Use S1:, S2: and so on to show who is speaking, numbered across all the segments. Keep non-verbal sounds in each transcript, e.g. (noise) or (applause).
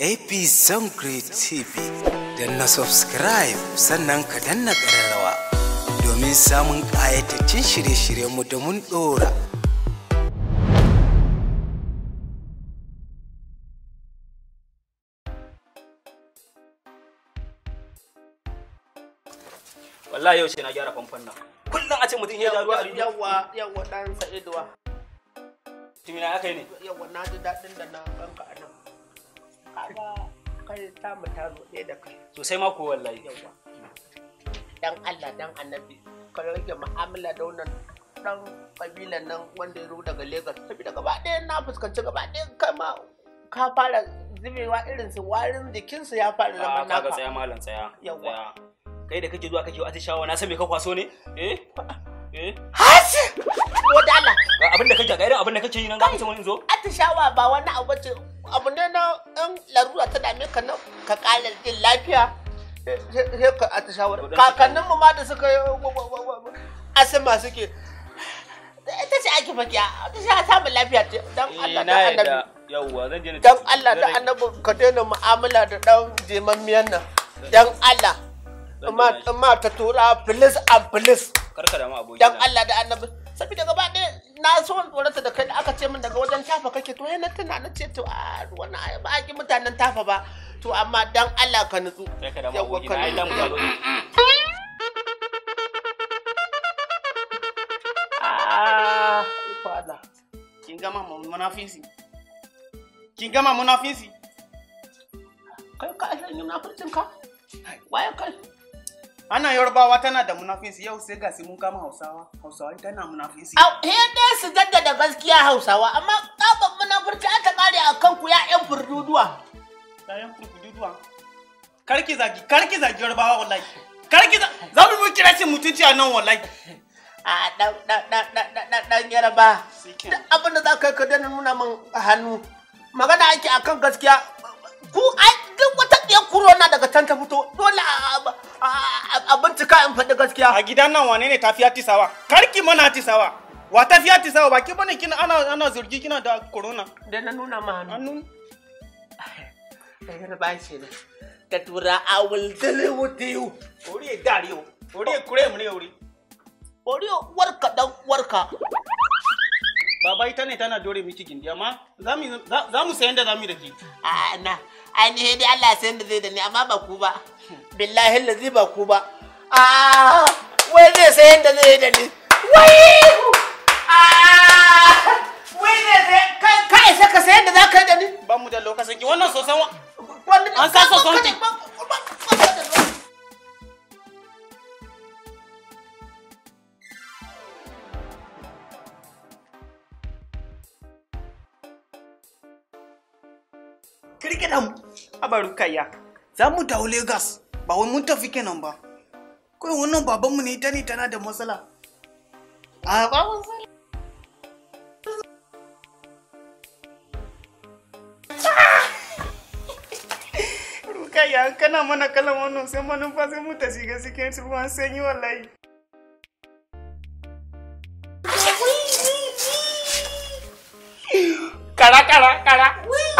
S1: AP Zone Create TV. Danna subscribe sannan ka danna ƙararrawa domin samun ƙayataccen shirye-shiryenmu da mun ɗora. Wallahi yau ce na gyara famfon nan. Kullum a ce mutum ya ja a rijiya. Yawwa, yawwa ɗan sa'iduwa. Tumina aka yi ne? Yawwa, na ji daɗin da na ranka a nan. kaga kai ta mu ta zo da kai sosai ma ko wallahi dan Allah dan annabi ka rage mu'amala da wannan dan kabilan nan wanda ya zo daga Lagos saboda gaba ɗaya na fuskanci gaba ɗaya kai ma ka fara zubewa irin su warin jikin su ya fara zama ah, naka ka tsaya malam tsaya yawa kai da kake zuwa kake atishawa na san me ka kwaso ne eh eh hasi ko dala abin da kake ga irin abin da kake yi nan ga mutum wani zo atishawa ba wani abu ce abu ne na yan larura ta dame ka na ka ƙara jin lafiya sai ka atishawar kakannin mu ma da suka yi asima suke ce ake ce a samun lafiya ce don Allah eh, da annabi don Allah da annabi ka daina mu'amala da nan don Allah ma ta tura and don Allah da annabi gaba ɗaya na so in tsorata da kai da aka ce min daga wajen tafa kake to yana tana na ce to ah, a wani ba ki mutanen tafa ba to amma dan Allah ka nutsu yawwa ka nutsu ah, kin ana yarbawa tana da munafinsi yau sai gasi mun kama hausawa hausawa tana munafinsi a he eh, su jaddada gaskiya hausawa amma tsaban munafurci aka kare a kanku yan furduduwa yan furduduwa karki zagi karki zagi yarbawa wallahi karki za mu yi kira shi mutunci a nan wallahi a dan dan dan dan dan yarba abin da za ka kai ka nuna min hannu magana ake akan gaskiya ku ai duk kuro na daga can ta fito dole a bincika in faɗi gaskiya a gidan nan wane ne tafiya tisawa karki mana tisawa wa tafiya tisawa ba ki bane kina ana ana zurgi kina da corona da na nuna ma hannu hannu ba shi ne da tura i will deal with you ori dariyo ori kure mu ne ori ori warka dan warka baba ita ne tana dore miki gindi amma za mu sayan da za mu da ki a na ainihin dai Allah sai da zai da ni amma ba ku ba billahi lazi ba ku ba ah wai zai sai da zai da ni wai ah wai zai kai sai ka sai yadda za ka da ni ban mu da lokacin ki wannan sosan wannan an sa sosan ki kirkidan abaru kayya za mu dawo lagos ba wai mun tafi kenan ba kawai wannan babanmu ne ita ne tana da matsala a ba matsala ah! (laughs) Rukayya kana mana kalan wannan sai manufa sai mu ta shiga cikin ruwan sanyi wallahi kara kara kara Wee.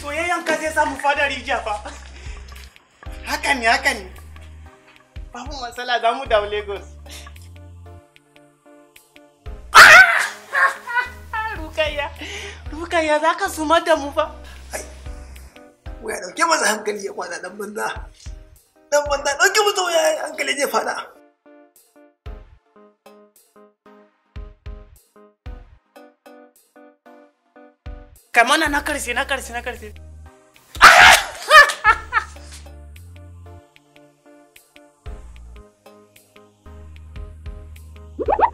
S1: soyayyen ka zai samu fada rijiya fa haka ne haka ne babu matsala za mu dawo lagos ah! (laughs) rukayya rukayya za ka suma da mu fa ya dauke masa hankali ya kwana dan banza dan banza dauke masa hankali zai fada Camona, no acaricie, no acaricie, no